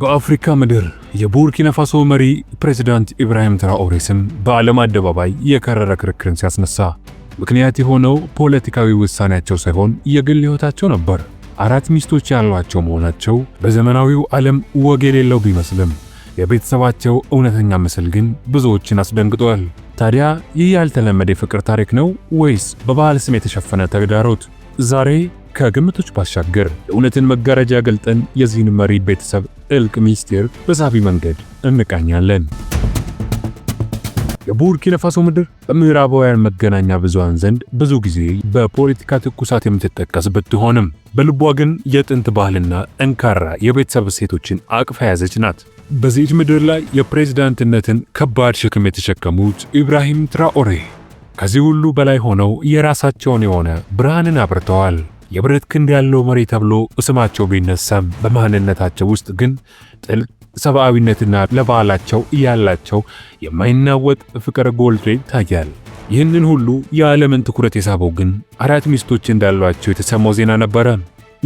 በአፍሪካ ምድር የቡርኪና ፋሶ መሪ ፕሬዚዳንት ኢብራሂም ትራኦሬ ስም በዓለም አደባባይ የከረረ ክርክርን ሲያስነሳ ምክንያት የሆነው ፖለቲካዊ ውሳኔያቸው ሳይሆን የግል ሕይወታቸው ነበር። አራት ሚስቶች ያሏቸው መሆናቸው በዘመናዊው ዓለም ወግ የሌለው ቢመስልም የቤተሰባቸው እውነተኛ ምስል ግን ብዙዎችን አስደንግጧል። ታዲያ ይህ ያልተለመደ የፍቅር ታሪክ ነው ወይስ በባህል ስም የተሸፈነ ተግዳሮት? ዛሬ ከግምቶች ባሻገር የእውነትን መጋረጃ ገልጠን የዚህን መሪ ቤተሰብ ጥልቅ ሚስጢር በሳቢ መንገድ እንቃኛለን። የቡርኪና ፋሶ ምድር በምዕራባውያን መገናኛ ብዙሃን ዘንድ ብዙ ጊዜ በፖለቲካ ትኩሳት የምትጠቀስ ብትሆንም በልቧ ግን የጥንት ባህልና ጠንካራ የቤተሰብ እሴቶችን አቅፋ የያዘች ናት። በዚህች ምድር ላይ የፕሬዝዳንትነትን ከባድ ሸክም የተሸከሙት ኢብራሂም ትራኦሬ ከዚህ ሁሉ በላይ ሆነው የራሳቸውን የሆነ ብርሃንን አብርተዋል። የብረት ክንድ ያለው መሪ ተብሎ ስማቸው ቢነሳም በማንነታቸው ውስጥ ግን ጥልቅ ሰብአዊነትና ለባህላቸው እያላቸው የማይናወጥ ፍቅር ጎልቶ ይታያል። ይህንን ሁሉ የዓለምን ትኩረት የሳበው ግን አራት ሚስቶች እንዳሏቸው የተሰማው ዜና ነበረ።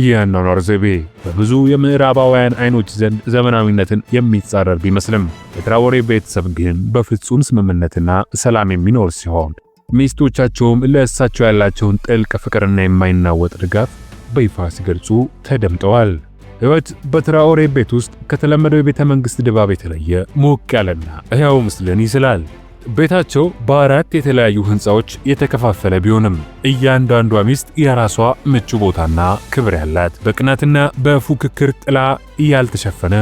ይህ የአኗኗር ዘይቤ በብዙ የምዕራባውያን አይኖች ዘንድ ዘመናዊነትን የሚጻረር ቢመስልም የትራወሬ ቤተሰብ ግን በፍጹም ስምምነትና ሰላም የሚኖር ሲሆን ሚስቶቻቸውም ለእሳቸው ያላቸውን ጥልቅ ፍቅርና የማይናወጥ ድጋፍ በይፋ ሲገልጹ ተደምጠዋል። ሕይወት በትራኦሬ ቤት ውስጥ ከተለመደው የቤተ መንግሥት ድባብ የተለየ ሞቅ ያለና ሕያው ምስልን ይስላል። ቤታቸው በአራት የተለያዩ ሕንፃዎች የተከፋፈለ ቢሆንም እያንዳንዷ ሚስት የራሷ ምቹ ቦታና ክብር ያላት፣ በቅናትና በፉክክር ጥላ እያልተሸፈነ።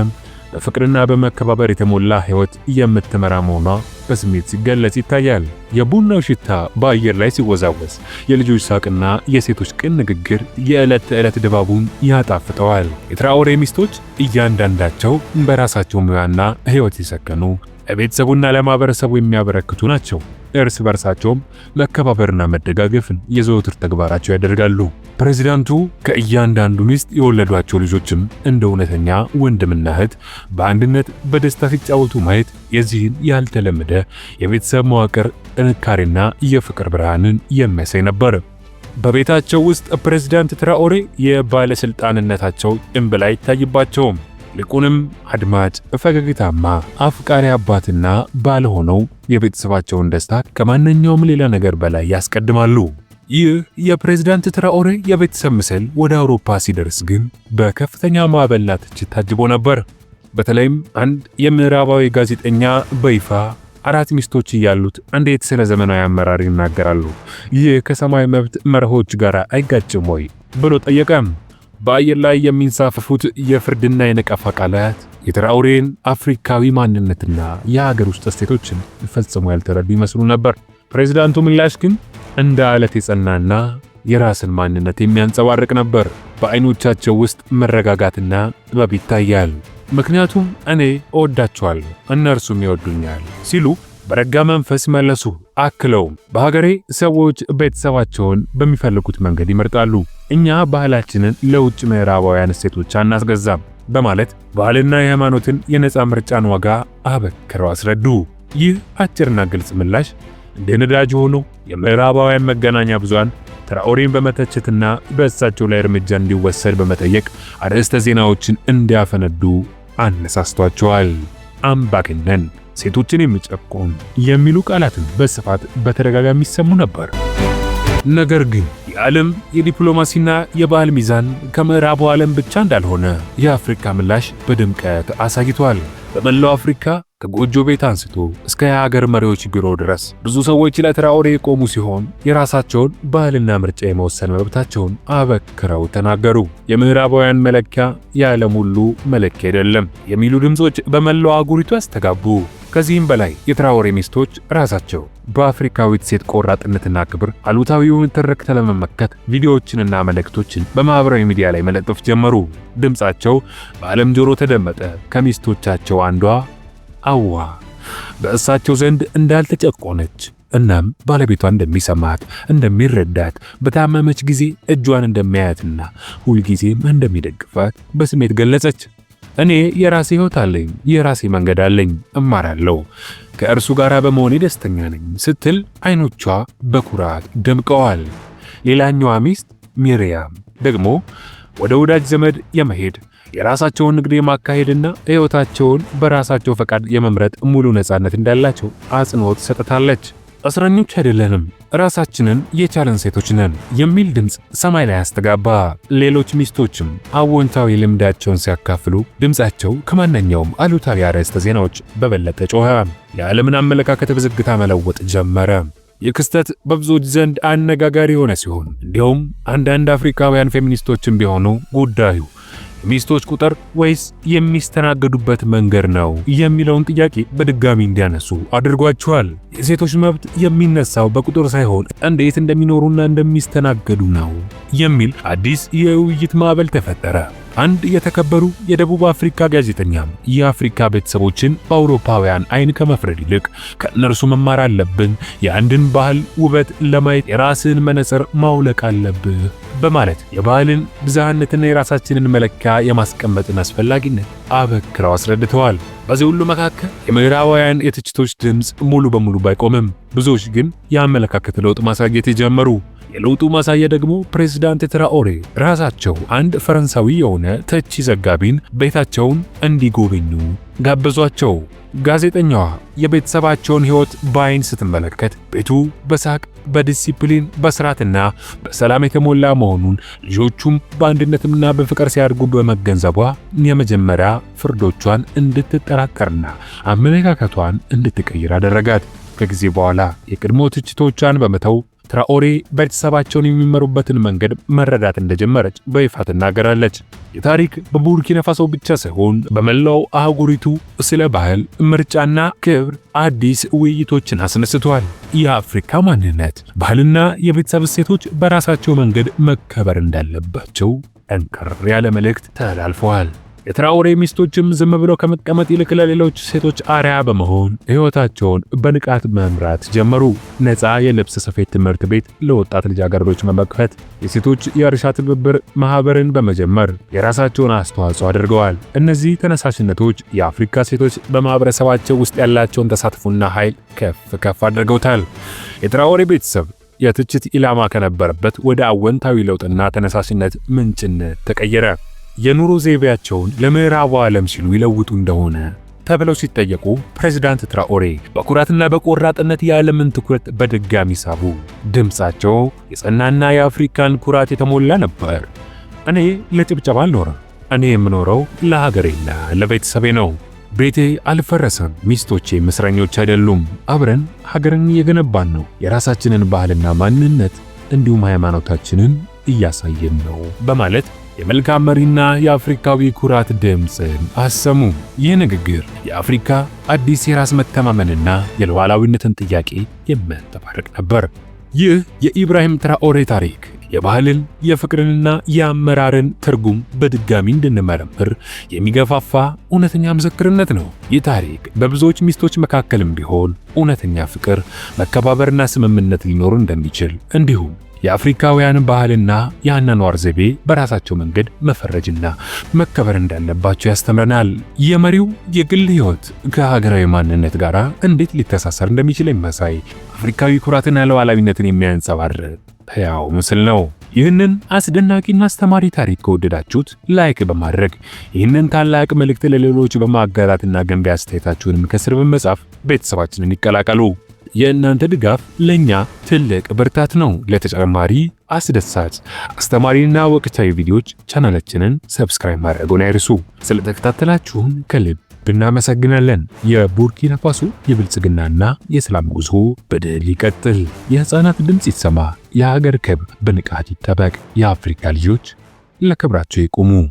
በፍቅርና በመከባበር የተሞላ ሕይወት የምትመራ መሆኗ በስሜት ሲገለጽ ይታያል። የቡናው ሽታ በአየር ላይ ሲወዛወዝ፣ የልጆች ሳቅና የሴቶች ቅን ንግግር የዕለት ተዕለት ድባቡን ያጣፍጠዋል። የትራኦሬ ሚስቶች እያንዳንዳቸው በራሳቸው ሙያና ሕይወት የሰከኑ ለቤተሰቡና ለማህበረሰቡ የሚያበረክቱ ናቸው። እርስ በርሳቸውም መከባበርና መደጋገፍን የዘወትር ተግባራቸው ያደርጋሉ። ፕሬዚዳንቱ ከእያንዳንዱ ሚስት የወለዷቸው ልጆችም እንደ እውነተኛ ወንድምና እህት በአንድነት በደስታ ሲጫወቱ ማየት የዚህን ያልተለመደ የቤተሰብ መዋቅር ጥንካሬና የፍቅር ብርሃንን የሚያሳይ ነበር። በቤታቸው ውስጥ ፕሬዚዳንት ትራኦሬ የባለስልጣንነታቸው ጭንብል አይታይባቸውም። ይልቁንም አድማጭ ፈገግታማ አፍቃሪ አባትና ባል ሆነው የቤተሰባቸውን ደስታ ከማንኛውም ሌላ ነገር በላይ ያስቀድማሉ። ይህ የፕሬዝዳንት ትራኦሬ የቤተሰብ ምስል ወደ አውሮፓ ሲደርስ ግን በከፍተኛ ማዕበልና ትችት ታጅቦ ነበር። በተለይም አንድ የምዕራባዊ ጋዜጠኛ በይፋ አራት ሚስቶች እያሉት እንዴት ስለ ዘመናዊ አመራር ይናገራሉ? ይህ ከሰማይ መብት መርሆች ጋር አይጋጭም ወይ ብሎ ጠየቀም። በአየር ላይ የሚንሳፈፉት የፍርድና የነቀፋ ቃላት የትራውሬን አፍሪካዊ ማንነትና የሀገር ውስጥ እሴቶችን ፈጽሞ ያልተረዱ ይመስሉ ነበር። ፕሬዚዳንቱ ምላሽ ግን እንደ አለት የጸናና የራስን ማንነት የሚያንጸባርቅ ነበር። በአይኖቻቸው ውስጥ መረጋጋትና ጥበብ ይታያል። ምክንያቱም እኔ እወዳቸዋለሁ፣ እነርሱም ይወዱኛል ሲሉ በረጋ መንፈስ መለሱ። አክለውም በሀገሬ ሰዎች ቤተሰባቸውን በሚፈልጉት መንገድ ይመርጣሉ፣ እኛ ባህላችንን ለውጭ ምዕራባውያን እሴቶች አናስገዛም በማለት ባህልና የሃይማኖትን የነፃ ምርጫን ዋጋ አበክረው አስረዱ። ይህ አጭርና ግልጽ ምላሽ እንደ ነዳጅ ሆኖ የምዕራባውያን መገናኛ ብዙሃን ትራኦሬን በመተቸትና በእሳቸው ላይ እርምጃ እንዲወሰድ በመጠየቅ አርዕስተ ዜናዎችን እንዲያፈነዱ አነሳስቷቸዋል። አምባገነን ሴቶችን የሚጨቁን የሚሉ ቃላትን በስፋት በተደጋጋሚ ይሰሙ ነበር። ነገር ግን የዓለም የዲፕሎማሲና የባህል ሚዛን ከምዕራቡ ዓለም ብቻ እንዳልሆነ የአፍሪካ ምላሽ በድምቀት አሳይቷል። በመላው አፍሪካ ከጎጆ ቤት አንስቶ እስከ የሀገር መሪዎች ቢሮ ድረስ ብዙ ሰዎች ለትራኦሬ የቆሙ ሲሆን የራሳቸውን ባህልና ምርጫ የመወሰን መብታቸውን አበክረው ተናገሩ። የምዕራባውያን መለኪያ የዓለም ሁሉ መለኪያ አይደለም የሚሉ ድምፆች በመላው አህጉሪቱ ያስተጋቡ። ከዚህም በላይ የትራኦሬ ሚስቶች ራሳቸው በአፍሪካዊት ሴት ቆራጥነትና ክብር አሉታዊውን ትርክት ለመመከት ቪዲዮዎችንና መልእክቶችን በማኅበራዊ ሚዲያ ላይ መለጠፍ ጀመሩ። ድምፃቸው በዓለም ጆሮ ተደመጠ። ከሚስቶቻቸው አንዷ አዋ በእሳቸው ዘንድ እንዳልተጨቆነች እናም ባለቤቷ እንደሚሰማት እንደሚረዳት፣ በታመመች ጊዜ እጇን እንደሚያያትና ሁልጊዜም እንደሚደግፋት በስሜት ገለጸች። እኔ የራሴ ህይወት አለኝ፣ የራሴ መንገድ አለኝ፣ እማራለሁ፣ ከእርሱ ጋር በመሆኔ ደስተኛ ነኝ ስትል አይኖቿ በኩራት ደምቀዋል። ሌላኛዋ ሚስት ሚሪያም ደግሞ ወደ ወዳጅ ዘመድ የመሄድ የራሳቸውን ንግድ የማካሄድና ህይወታቸውን በራሳቸው ፈቃድ የመምረጥ ሙሉ ነፃነት እንዳላቸው አጽንኦት ሰጥታለች። እስረኞች አይደለንም፣ ራሳችንን የቻለን ሴቶች ነን የሚል ድምፅ ሰማይ ላይ አስተጋባ። ሌሎች ሚስቶችም አዎንታዊ ልምዳቸውን ሲያካፍሉ ድምፃቸው ከማንኛውም አሉታዊ አርዕስተ ዜናዎች በበለጠ ጮኸ፣ የዓለምን አመለካከት ብዝግታ መለወጥ ጀመረ። ይህ ክስተት በብዙዎች ዘንድ አነጋጋሪ የሆነ ሲሆን እንዲሁም አንዳንድ አፍሪካውያን ፌሚኒስቶችም ቢሆኑ ጉዳዩ የሚስቶች ቁጥር ወይስ የሚስተናገዱበት መንገድ ነው የሚለውን ጥያቄ በድጋሚ እንዲያነሱ አድርጓቸዋል። የሴቶች መብት የሚነሳው በቁጥር ሳይሆን እንዴት እንደሚኖሩና እንደሚስተናገዱ ነው የሚል አዲስ የውይይት ማዕበል ተፈጠረ። አንድ የተከበሩ የደቡብ አፍሪካ ጋዜጠኛ የአፍሪካ ቤተሰቦችን በአውሮፓውያን አይን ከመፍረድ ይልቅ ከእነርሱ መማር አለብን፣ የአንድን ባህል ውበት ለማየት የራስን መነጽር ማውለቅ አለብህ በማለት የባህልን ብዝሃነትና የራሳችንን መለኪያ የማስቀመጥን አስፈላጊነት አበክረው አስረድተዋል። በዚህ ሁሉ መካከል የምዕራባውያን የትችቶች ድምፅ ሙሉ በሙሉ ባይቆምም ብዙዎች ግን የአመለካከት ለውጥ ማሳየት የጀመሩ የለውጡ ማሳያ ደግሞ ፕሬዝዳንት ትራኦሬ ራሳቸው አንድ ፈረንሳዊ የሆነ ተቺ ዘጋቢን ቤታቸውን እንዲጎበኙ ጋበዟቸው። ጋዜጠኛዋ የቤተሰባቸውን ሕይወት በአይን ስትመለከት ቤቱ በሳቅ በዲሲፕሊን በስርዓትና በሰላም የተሞላ መሆኑን ልጆቹም በአንድነትና በፍቅር ሲያድጉ በመገንዘቧ የመጀመሪያ ፍርዶቿን እንድትጠራጠርና አመለካከቷን እንድትቀይር አደረጋት። ከጊዜ በኋላ የቅድሞ ትችቶቿን በመተው ትራኦሬ ቤተሰባቸውን የሚመሩበትን መንገድ መረዳት እንደጀመረች በይፋ ትናገራለች። የታሪክ በቡርኪና ፋሶ ብቻ ሳይሆን በመላው አህጉሪቱ ስለ ባህል ምርጫና ክብር አዲስ ውይይቶችን አስነስቷል። የአፍሪካ ማንነት፣ ባህልና የቤተሰብ እሴቶች በራሳቸው መንገድ መከበር እንዳለባቸው ጠንከር ያለ መልእክት ተላልፈዋል። የትራውሬ ሚስቶችም ዝም ብለው ከመቀመጥ ይልቅ ለሌሎች ሴቶች አርያ በመሆን ሕይወታቸውን በንቃት መምራት ጀመሩ። ነፃ የልብስ ስፌት ትምህርት ቤት ለወጣት ልጃገረዶች መመክፈት፣ የሴቶች የእርሻ ትብብር ማህበርን በመጀመር የራሳቸውን አስተዋጽኦ አድርገዋል። እነዚህ ተነሳሽነቶች የአፍሪካ ሴቶች በማህበረሰባቸው ውስጥ ያላቸውን ተሳትፎና ኃይል ከፍ ከፍ አድርገውታል። የትራኦሬ ቤተሰብ የትችት ኢላማ ከነበረበት ወደ አወንታዊ ለውጥና ተነሳሽነት ምንጭነት ተቀየረ። የኑሮ ዘይቤያቸውን ለምዕራቡ ዓለም ሲሉ ይለውጡ እንደሆነ ተብለው ሲጠየቁ ፕሬዚዳንት ትራኦሬ በኩራትና በቆራጥነት የዓለምን ትኩረት በድጋሚ ሳቡ። ድምፃቸው የጸናና የአፍሪካን ኩራት የተሞላ ነበር። እኔ ለጭብጨባ አልኖረም። እኔ የምኖረው ለሀገሬና ለቤተሰቤ ነው። ቤቴ አልፈረሰም። ሚስቶቼ እስረኞች አይደሉም። አብረን ሀገርን እየገነባን ነው። የራሳችንን ባህልና ማንነት እንዲሁም ሃይማኖታችንን እያሳየን ነው በማለት የመልካም መሪና የአፍሪካዊ ኩራት ድምፅን አሰሙ። ይህ ንግግር የአፍሪካ አዲስ የራስ መተማመንና የሉዓላዊነትን ጥያቄ የሚያንጸባርቅ ነበር። ይህ የኢብራሂም ትራኦሬ ታሪክ የባህልን የፍቅርንና የአመራርን ትርጉም በድጋሚ እንድንመረምር የሚገፋፋ እውነተኛ ምስክርነት ነው። ይህ ታሪክ በብዙዎች ሚስቶች መካከልም ቢሆን እውነተኛ ፍቅር፣ መከባበርና ስምምነት ሊኖር እንደሚችል እንዲሁም የአፍሪካውያን ባህልና የአኗኗር ዘይቤ በራሳቸው መንገድ መፈረጅና መከበር እንዳለባቸው ያስተምረናል። የመሪው የግል ህይወት ከሀገራዊ ማንነት ጋር እንዴት ሊተሳሰር እንደሚችል የሚያሳይ አፍሪካዊ ኩራትና ሉዓላዊነትን የሚያንጸባርቅ ያው ምስል ነው። ይህንን አስደናቂና አስተማሪ ታሪክ ከወደዳችሁት ላይክ በማድረግ ይህንን ታላቅ መልእክት ለሌሎች በማጋራትና ገንቢ አስተያየታችሁንም ከስር በመጻፍ ቤተሰባችንን ይቀላቀሉ። የእናንተ ድጋፍ ለእኛ ትልቅ ብርታት ነው። ለተጨማሪ አስደሳች፣ አስተማሪና ወቅታዊ ቪዲዮዎች ቻናላችንን ሰብስክራይብ ማድረጉን አይርሱ። ስለተከታተላችሁን ከልብ እናመሰግናለን። የቡርኪና ፋሶ የብልጽግናና የሰላም ጉዞ በድል ይቀጥል። የህፃናት ድምፅ ይሰማ። የሀገር ክብር በንቃት ይጠበቅ። የአፍሪካ ልጆች ለክብራቸው ይቁሙ።